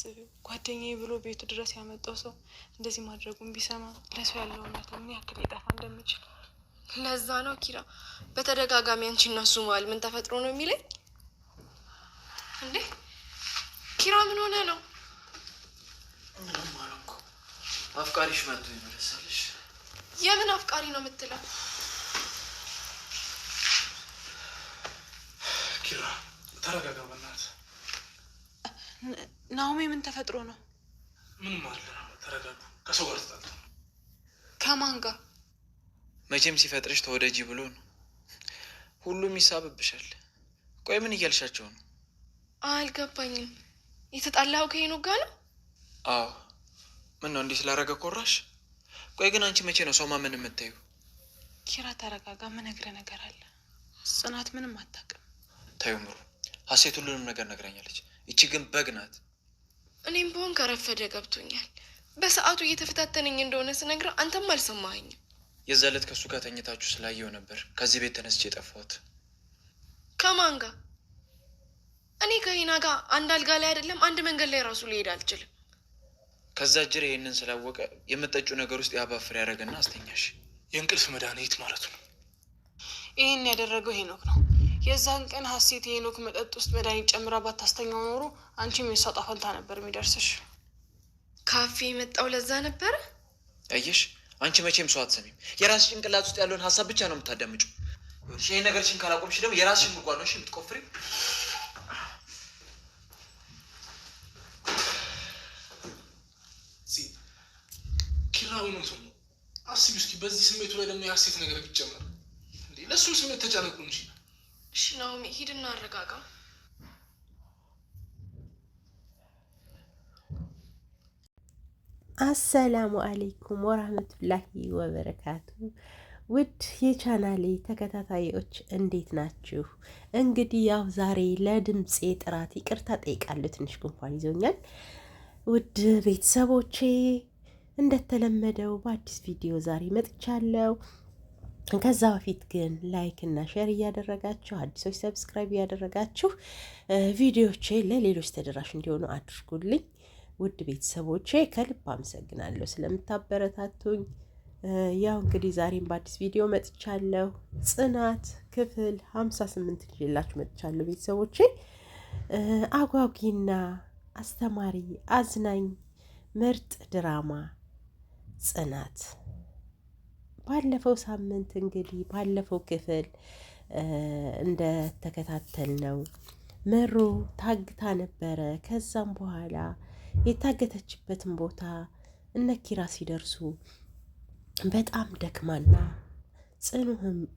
አታስቢው። ጓደኛ ብሎ ቤቱ ድረስ ያመጣው ሰው እንደዚህ ማድረጉን ቢሰማ ለሰው ያለው እውነት ምን ያክል ሊጠፋ እንደሚችል ለዛ ነው ኪራ በተደጋጋሚ አንቺ እነሱ እሱ መሀል ምን ተፈጥሮ ነው የሚለኝ። እንዴ ኪራ ምን ሆነ ነው? ምንም አልኩ። አፍቃሪሽ መጥቶ ይመለሳልሽ። የምን አፍቃሪ ነው የምትለው? ኪራ ተረጋጋ በእናትህ ናሆሜ ምን ተፈጥሮ ነው? ምንም አለ። ተረጋጉ። ከሰው ጋር ተጣጣ። ከማን ጋር? መቼም ሲፈጥርሽ ተወደጂ ብሎ ነው። ሁሉም ይሳብብሻል። ቆይ ምን እያልሻቸው ነው? አልገባኝም። የተጣላው ከይኑ ጋ ነው? አዎ። ምን ነው እንዲህ ስላረገ ኮራሽ? ቆይ ግን አንቺ መቼ ነው ሰው ማመን የምታዩ? ኪራ ተረጋጋ። ምነግረ ነገር አለ። ጽናት ምንም አታውቅም። ተይው ምሩ። ሀሴት ሁሉንም ነገር ነግረኛለች ይቺ ግን በግ ናት። እኔም በሆን ከረፈደ ገብቶኛል። በሰዓቱ እየተፈታተነኝ እንደሆነ ስነግረህ አንተም አልሰማኸኝም። የዛ ዕለት ከእሱ ጋር ተኝታችሁ ስላየው ነበር ከዚህ ቤት ተነስቼ የጠፋሁት። ከማን ጋር? እኔ ከሂና ጋር አንድ አልጋ ላይ አይደለም አንድ መንገድ ላይ ራሱ ሊሄድ አልችልም። ከዛ ጅር ይህንን ስላወቀ የምጠጪው ነገር ውስጥ የአባፍር ያደረገና አስተኛሽ። የእንቅልፍ መድኃኒት ማለት ነው። ይህን ያደረገው ሄኖክ ነው። የዛን ቀን ሀሴት የሄኖክ መጠጥ ውስጥ መድኃኒት ጨምራ ባታስተኛው ኖሮ አንቺም የሷ ዕጣ ፈንታ ነበር የሚደርስሽ። ካፌ የመጣው ለዛ ነበር። እየሽ አንቺ መቼም ሰው አትሰሚም። የራስ ጭንቅላት ውስጥ ያለውን ሀሳብ ብቻ ነው የምታዳምጩ። ይሄ ነገርሽን ካላቆምሽ ደግሞ የራስሽን ጉድጓድ ነው የምትቆፍሪ። ኪራዊ ነው አስቢ እስኪ። በዚህ ስሜቱ ላይ ደግሞ የሀሴት ነገር ብጨመር ለእሱም ስሜት ተጫነቁ እንጂ እሺ ናኦሚ፣ ሂድና አረጋጋ። አሰላሙ አሌይኩም ወራህመቱላሂ ወበረካቱ። ውድ የቻናሌ ተከታታዮች እንዴት ናችሁ? እንግዲህ ያው ዛሬ ለድምፄ ጥራት ይቅርታ ጠይቃለሁ። ትንሽ ጉንፋን ይዞኛል። ውድ ቤተሰቦቼ እንደተለመደው በአዲስ ቪዲዮ ዛሬ መጥቻለሁ። ከዛ በፊት ግን ላይክ እና ሼር እያደረጋችሁ አዲሶች ሰብስክራይብ እያደረጋችሁ ቪዲዮቼ ለሌሎች ተደራሽ እንዲሆኑ አድርጉልኝ። ውድ ቤተሰቦቼ ከልብ አመሰግናለሁ ስለምታበረታቱኝ። ያው እንግዲህ ዛሬም በአዲስ ቪዲዮ መጥቻለሁ። ጽናት ክፍል ሀምሳ ስምንት ይዤላችሁ መጥቻለሁ ቤተሰቦቼ። አጓጊና አስተማሪ አዝናኝ ምርጥ ድራማ ጽናት ባለፈው ሳምንት እንግዲህ ባለፈው ክፍል ነው። መሮ ታግታ ነበረ። ከዛም በኋላ የታገተችበትን ቦታ እነ ኪራ ሲደርሱ በጣም ደክማና ጽኑ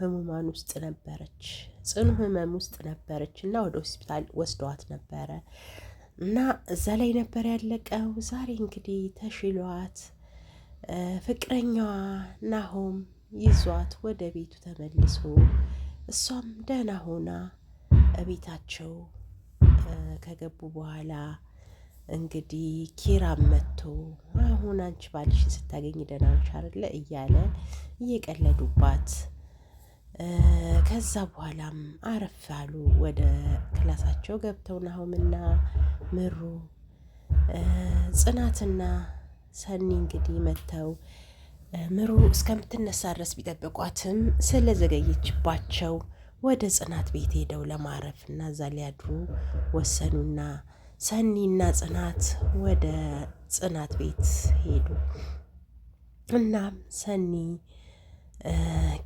ህሙማን ውስጥ ነበረች። ጽኑ ህመም ውስጥ ነበረች እና ወደ ሆስፒታል ወስደዋት ነበረ እና እዛ ላይ ነበር ያለቀው። ዛሬ እንግዲህ ተሽሏት ፍቅረኛዋ ናሆም ይዟት ወደ ቤቱ ተመልሶ እሷም ደህና ሆና እቤታቸው ከገቡ በኋላ እንግዲህ ኪራም መጥቶ አሁን አንቺ ባልሽን ስታገኝ ደህና ነሽ አይደለ እያለ እየቀለዱባት ከዛ በኋላም አረፍ አሉ። ወደ ክላሳቸው ገብተው ናሆምና ምሩ ጽናትና ሰኒ እንግዲህ መተው ምሩ እስከምትነሳ ድረስ ቢጠብቋትም ስለዘገየችባቸው ወደ ጽናት ቤት ሄደው ለማረፍ እና እዛ ሊያድሩ ወሰኑና ሰኒና ጽናት ወደ ጽናት ቤት ሄዱ። እናም ሰኒ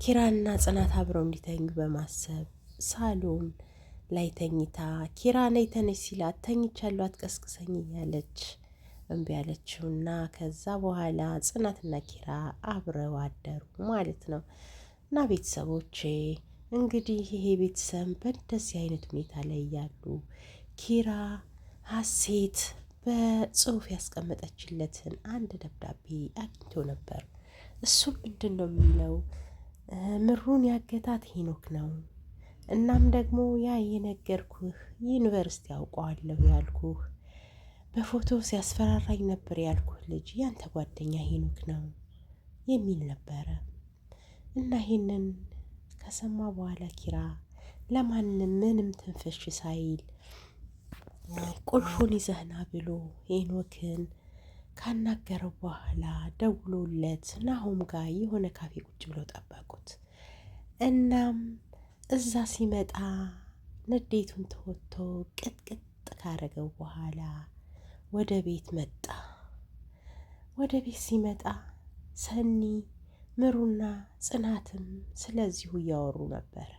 ኪራና ጽናት አብረው እንዲተኙ በማሰብ ሳሎን ላይ ተኝታ ኪራ ነይ ተነሽ ሲላት ተኝቻለሁ አትቀስቅሰኝ እያለች እምቢ ና ከዛ በኋላ ጽናትና ኪራ አብረው አደሩ ማለት ነው። እና ቤተሰቦቼ እንግዲህ ይሄ ቤተሰብ በእንደዚህ አይነት ሁኔታ ላይ ያሉ ኪራ ሀሴት በጽሁፍ ያስቀመጠችለትን አንድ ደብዳቤ አግኝቶ ነበር። እሱም ምንድን ነው የሚለው ምሩን ያገታት ሄኖክ ነው። እናም ደግሞ ያ የነገርኩህ ዩኒቨርሲቲ አውቀዋለሁ ያልኩህ በፎቶ ሲያስፈራራኝ ነበር ያልኩት ልጅ ያንተ ጓደኛ ሄኖክ ነው የሚል ነበረ። እና ይሄንን ከሰማ በኋላ ኪራ ለማንም ምንም ትንፍሽ ሳይል ቁልፉን ይዘህና ብሎ ሄኖክን ካናገረው በኋላ ደውሎለት ናሆም ጋር የሆነ ካፌ ቁጭ ብለው ጠበቁት። እናም እዛ ሲመጣ ንዴቱን ተወጥቶ ቅጥቅጥ ካረገው በኋላ ወደ ቤት መጣ። ወደ ቤት ሲመጣ ሰኒ ምሩና ጽናትም ስለዚሁ እያወሩ ነበረ።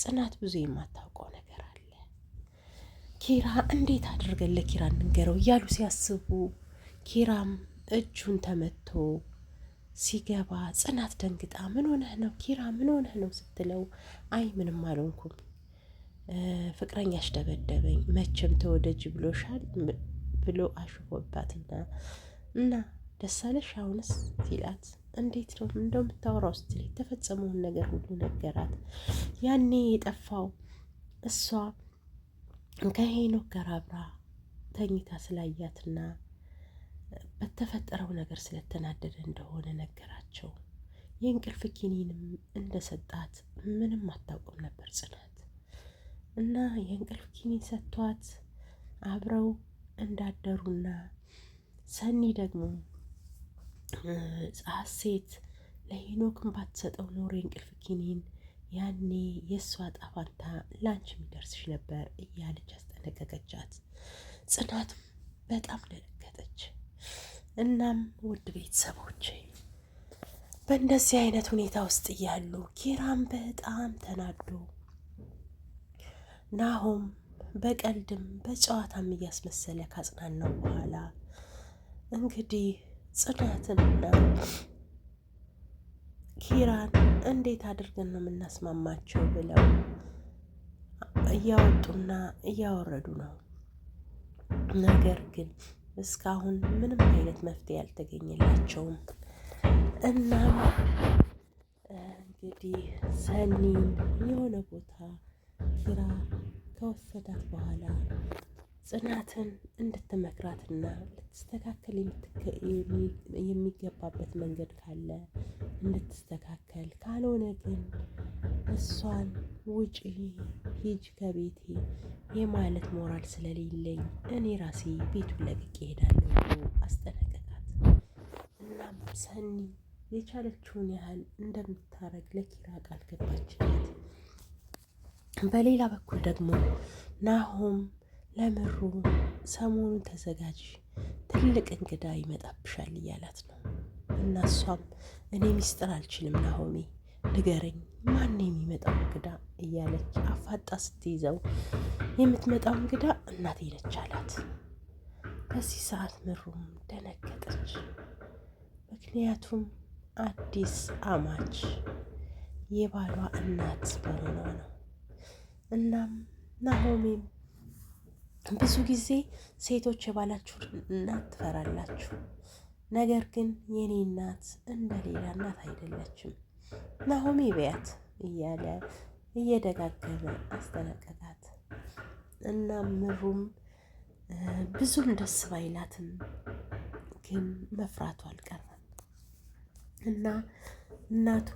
ጽናት ብዙ የማታውቀው ነገር አለ። ኪራ እንዴት አድርገን ለኪራ እንንገረው እያሉ ሲያስቡ ኪራም እጁን ተመቶ ሲገባ ጽናት ደንግጣ ምን ሆነህ ነው ኪራ ምን ሆነህ ነው ስትለው አይ ምንም አልሆንኩም፣ ፍቅረኛሽ ደበደበኝ፣ መቼም ተወደጅ ብሎሻል ብሎ አሽፎባትና እና ደሳለሽ አሁንስ ሲላት እንዴት ነው እንደው የምታወራው ስትል የተፈጸመውን ነገር ሁሉ ነገራት። ያኔ የጠፋው እሷ ከሄኖክ ጋር አብራ ተኝታ ስላያትና በተፈጠረው ነገር ስለተናደደ እንደሆነ ነገራቸው። የእንቅልፍ ኪኒንም እንደሰጣት ምንም አታውቅም ነበር ጽናት እና የእንቅልፍ ኪኒን ሰጥቷት አብረው እንዳደሩና ሰኒ ደግሞ ሀሴት ለሄኖክን ባትሰጠው ኖሮ እንቅልፍ ኪኒን ያኔ የእሷ ጣፋንታ ላንች የሚደርስሽ ነበር እያለች አስጠነቀቀቻት። ጽናትም በጣም ደነገጠች። እናም ውድ ቤተሰቦች በእንደዚህ አይነት ሁኔታ ውስጥ እያሉ ኪራም በጣም ተናዶ ናሆም በቀልድም በጨዋታም እያስመሰለ ካጽናናው በኋላ እንግዲህ ጽናትንና ኪራን እንዴት አድርገን ነው የምናስማማቸው ብለው እያወጡና እያወረዱ ነው። ነገር ግን እስካሁን ምንም አይነት መፍትሄ አልተገኘላቸውም። እናም እንግዲህ ሰኒን የሆነ ቦታ ኪራ ከወሰዳት በኋላ ጽናትን እንድትመክራትና ልትስተካከል የሚገባበት መንገድ ካለ እንድትስተካከል፣ ካልሆነ ግን እሷን ውጪ ሂጅ ከቤቴ የማለት ሞራል ስለሌለኝ እኔ ራሴ ቤቱን ለቅቄ እሄዳለሁ አስጠነቀቃት። እናም ሰኒ የቻለችውን ያህል እንደምታረግ ለኪራ ቃል ገባችለት። በሌላ በኩል ደግሞ ናሆም ለምሩ ሰሞኑን ተዘጋጅ፣ ትልቅ እንግዳ ይመጣብሻል እያላት ነው እና እሷም እኔ ሚስጥር አልችልም ናሆሜ ንገረኝ፣ ማን የሚመጣው እንግዳ እያለች አፋጣ ስትይዘው የምትመጣው እንግዳ እናቴ ነች አላት። በዚህ ሰዓት ምሩም ደነገጠች። ምክንያቱም አዲስ አማች የባሏ እናት በሆኗ ነው። እናም ናሆሜም ብዙ ጊዜ ሴቶች የባላችሁ እናት ትፈራላችሁ፣ ነገር ግን የኔ እናት እንደ ሌላ እናት አይደለችም ናሆሜ በያት እያለ እየደጋገመ አስጠነቀቃት። እናም ምሩም ብዙም ደስ ባይላትም ግን መፍራቱ አልቀረም እና እናቱ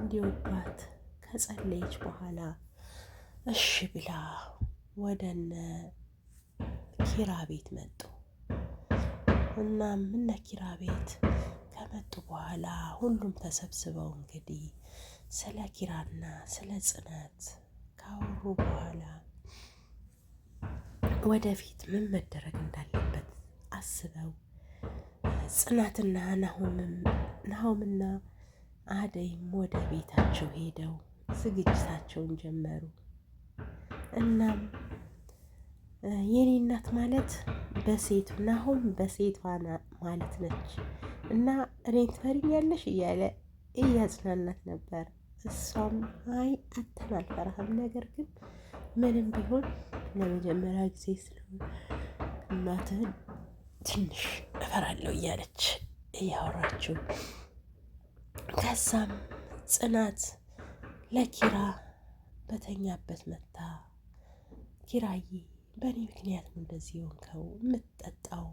እንዲወዷት ከጸለየች በኋላ እሺ ብላ ወደነ ኪራ ቤት መጡ። እና እነ ኪራ ቤት ከመጡ በኋላ ሁሉም ተሰብስበው እንግዲህ ስለ ኪራና ስለ ጽናት ካወሩ በኋላ ወደፊት ምን መደረግ እንዳለበት አስበው ጽናትና ናሆምና አደይም ወደ ቤታቸው ሄደው ዝግጅታቸውን ጀመሩ። እናም የኔ እናት ማለት በሴቱ ናሆም በሴቷ ማለት ነች እና እኔን ትፈሪኛለሽ እያለ እያጽናናት ነበር። እሷም አይ አንተን አልፈራህም፣ ነገር ግን ምንም ቢሆን ለመጀመሪያ ጊዜ ስለሆነ እናትህን ትንሽ እፈራለሁ እያለች እያወራችው ከዛም ጽናት ለኪራ በተኛበት መታ ኪራዬ በእኔ ምክንያት ነው እንደዚህ የሆንከው የምትጠጣው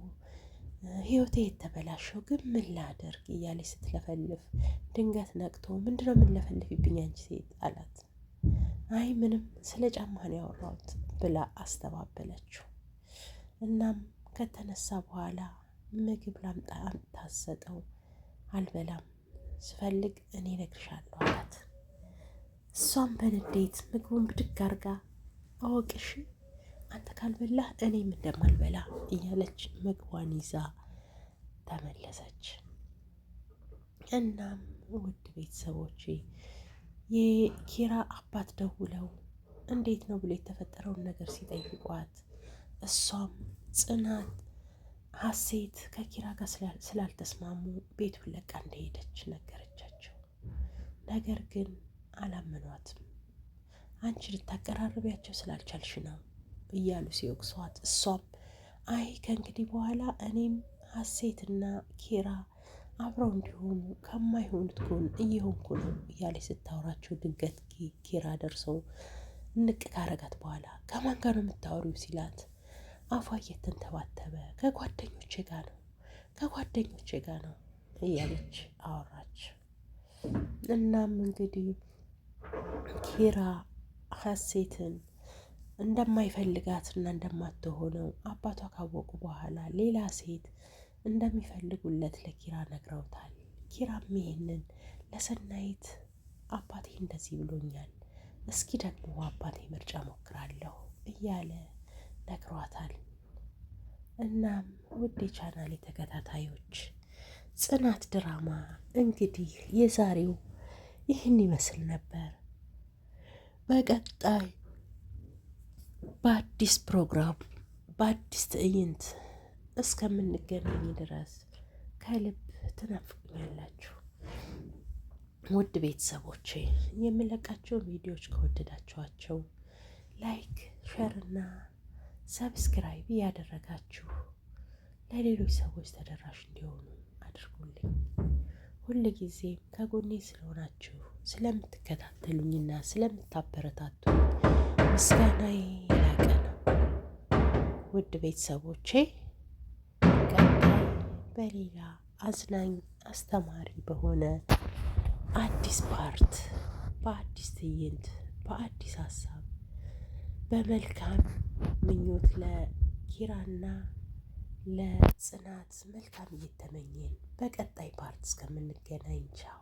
ህይወቴ የተበላሸው ግን ምን ላደርግ እያለች ስትለፈልፍ ድንገት ነቅቶ ምንድነው የምንለፈልፍብኝ አንቺ ሴት አላት። አይ ምንም ስለ ጫማ ነው ያወራሁት ብላ አስተባበለችው። እናም ከተነሳ በኋላ ምግብ ላምጣ አምታሰጠው። አልበላም ስፈልግ እኔ እነግርሻለሁ አላት። እሷም በንዴት ምግቡን ብድግ አርጋ አወቅሽ አንተ ካልበላህ እኔም እንደማልበላ እያለች ምግቧን ይዛ ተመለሰች። እናም ውድ ቤተሰቦች የኪራ አባት ደውለው እንዴት ነው ብሎ የተፈጠረውን ነገር ሲጠይቋት እሷም ጽናት ሀሴት ከኪራ ጋር ስላልተስማሙ ቤቱን ለቃ እንደሄደች ነገረቻቸው። ነገር ግን አላመኗትም። አንቺ ልታቀራርቢያቸው ስላልቻልሽ ነው እያሉ ሲወቅሷት፣ እሷም አይ ከእንግዲህ በኋላ እኔም ሀሴትና ኪራ አብረው እንዲሆኑ ከማይሆኑት ጎን እየሆንኩ ነው እያለች ስታወራቸው ድንገት ኪራ ደርሰው ንቅ ካረጋት በኋላ ከማን ጋር ነው የምታወሪው ሲላት አፏ እየተንተባተበ ከጓደኞቼ ጋር ነው ከጓደኞቼ ጋር ነው እያለች አወራች። እናም እንግዲህ ኪራ ሀሴትን እንደማይፈልጋትና እንደማትሆነው አባቷ ካወቁ በኋላ ሌላ ሴት እንደሚፈልጉለት ለኪራ ነግረውታል። ኪራም ይሄንን ለሰናይት አባቴ እንደዚህ ብሎኛል፣ እስኪ ደግሞ አባቴ ምርጫ ሞክራለሁ እያለ ነግሯታል። እናም ውድ የቻናሌ ተከታታዮች ጽናት ድራማ እንግዲህ የዛሬው ይህን ይመስል ነበር። በቀጣይ በአዲስ ፕሮግራም በአዲስ ትዕይንት እስከምንገናኝ ድረስ ከልብ ትናፍቁኛላችሁ ውድ ቤተሰቦቼ። የምለቃቸውን ቪዲዮዎች ከወደዳችኋቸው ላይክ፣ ሸር እና ሰብስክራይብ እያደረጋችሁ ለሌሎች ሰዎች ተደራሽ እንዲሆኑ አድርጉልኝ። ሁል ጊዜ ከጎኔ ስለሆናችሁ ስለምትከታተሉኝና ስለምታበረታቱ ምስጋና የላቀ ነው። ውድ ቤተሰቦቼ ቀጣይ በሌላ አዝናኝ አስተማሪ በሆነ አዲስ ፓርት በአዲስ ትዕይንት በአዲስ ሀሳብ በመልካም ምኞት ለኪራና ለጽናት መልካም እየተመኘን በቀጣይ ፓርት እስከምንገናኝ ቻው።